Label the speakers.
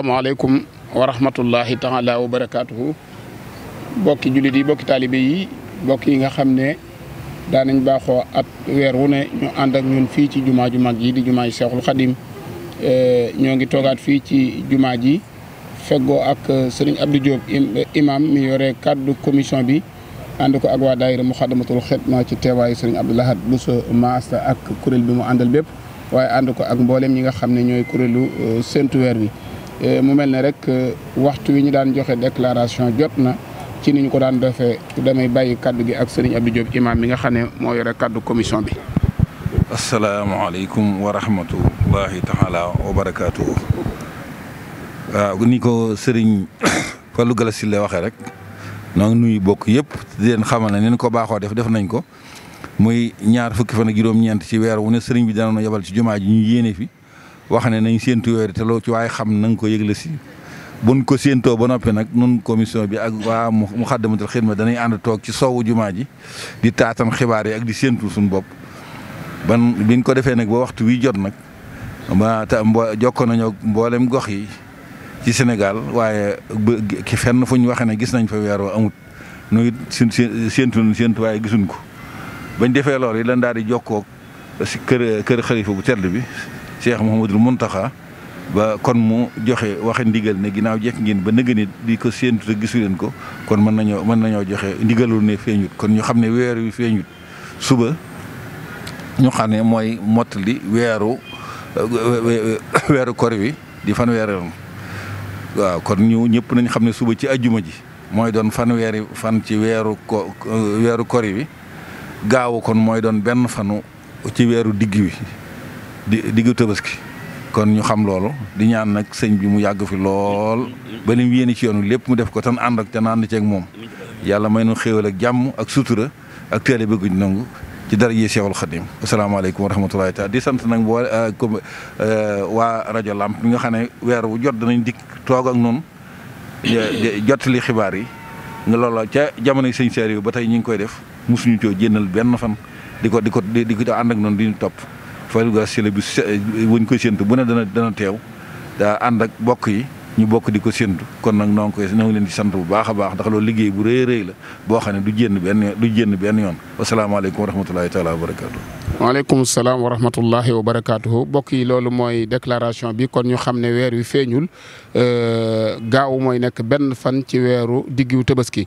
Speaker 1: asalaamaaleykum wa rahmatullahi taala wa barakaatuhu bokki jullit yi bokki taalibe yi bokk yi nga xam ne daanañ baaxoo at weer wu ne ñu ànd ñun fii ci jumaa ju mag yi di jumaa yi Seexul Xadim eh, ñoo ngi toogaat fii ci jumaa ji feggoo ak eh, sëriñ Abdou Diop imam mi yore kàddu commission bi ànd ko ak waa daayira Muxaddamatul Xidma ci teewaayu sëriñ Abdou Lahad Bousso Maasta ak kuréel bi mu àndal bépp waaye ànd ko ak mboolem ñi nga xam ne ñooy kuréelu eh, séntu weer wi Euh, mu mel ne rek euh, waxtu wi ñu daan joxe déclaration jot na ci ni ñu ko daan defee damay bàyyi kaddu gi ak sëriñ Abdou Diop imam mi nga xam ne moo yore kaddu commission bi.
Speaker 2: asalaamaaleykum wa rahmatullahi taala wa barakaatu. waaw ni ko sëriñ Fallou Galassi la waxee rek noo ngi nuyu bokk yëpp di leen xamal ne ni ko baaxoo def def nañ ko muy ñaar fukki fan ak juróom-ñeent ci weer wu ne sëriñ bi dana yabal ci jumaa ji ñu yéene fi. wax ne nañ séentu yooyu te loo ci waaye xam nanga ko yëgle si bu buñ ko séentoo ba noppi nag nun commission bi ak waa mu xadd xaddamatul xidma danay ànd toog ci soowu jumaa ji di taatam xibaar yi ak di séentu suñu bopp ban biñ ko defee nag ba waxtu wi jot nag ba ta jokkoon nañoo mboolem gox yi ci Sénégal waaye ki fenn fu ñu waxee ne gis nañ fa weer wa amut nu it suñ séentu nañ séentu waaye gisuñ ko bañ defee loolu yi lan daal di jokkoo si kër kër xalifa bu tedd bi Cheikh Mouhamadul Mountakha ba kon mu joxe wax ndigal ne ginnaaw jekk ngeen ba nëgëni di ko séentu te gisu leen ko kon mën nañoo mën nañoo joxe ndigalul ne feeñut kon ñu xam ne weeru wi feeñut suba ñu xam ne mooy mottali weeru weeru kor wi di fanweeram waaw kon ñu ñëpp nañ xam ne suba ci ajjuma ji mooy doon fanweeri fan ci weeru ko weeru kor wi gaawu kon mooy doon benn fanu ci weeru digg wi di diggu tabaski kon ñu xam loolu di ñaan nag sëñ bi mu yàgg fi lool ba li mu ci yoon lépp mu def ko tan ànd ak te naan ceeg moom yàlla may nu xéewal ak jàmm ak sutura ak teele bëgguñ nangu ci dara yi Seexul Xadim asalaamaaleykum wa rahmatullahi di sant nag boo euh, comme euh, waa rajo Lamp mi nga xam ne weer wu jot danañ dikk toog ak noonu jot li xibaar yi nga loola ca jamono sëñ Saaliw ba tey ñu ngi koy def mosuñu coo jénnal benn fan di ko di ko di ko ànd ak noonu di topp Fallou Gass Sylla bi wuñ koy séntu bu ne dana dana teew daa ànd ak bokk yi ñu bokk di ko séntu kon nag noo ngi koy noo ngi leen di sant bu baax a baax ndax loolu liggéey bu rëy rëy la boo xam ne du jénn benn du jénn benn yoon wasalaamaaleykum wa rahmatulahi taala wa barakaatu
Speaker 1: waaleykum salaam wa rahmatullahi wa barakaatuhu mbokk yi loolu mooy déclaration bi kon ñu xam ne weer wi feeñul euh, gaaw mooy nekk benn fan ci weeru diggu tabaski